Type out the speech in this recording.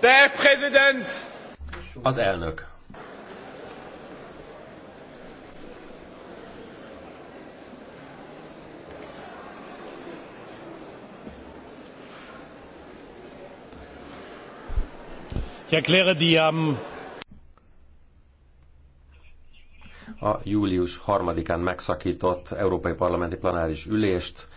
Der Präsident! Az elnök. Ich erkläre die am a július 3 megszakított Európai Parlamenti Plenáris Ülést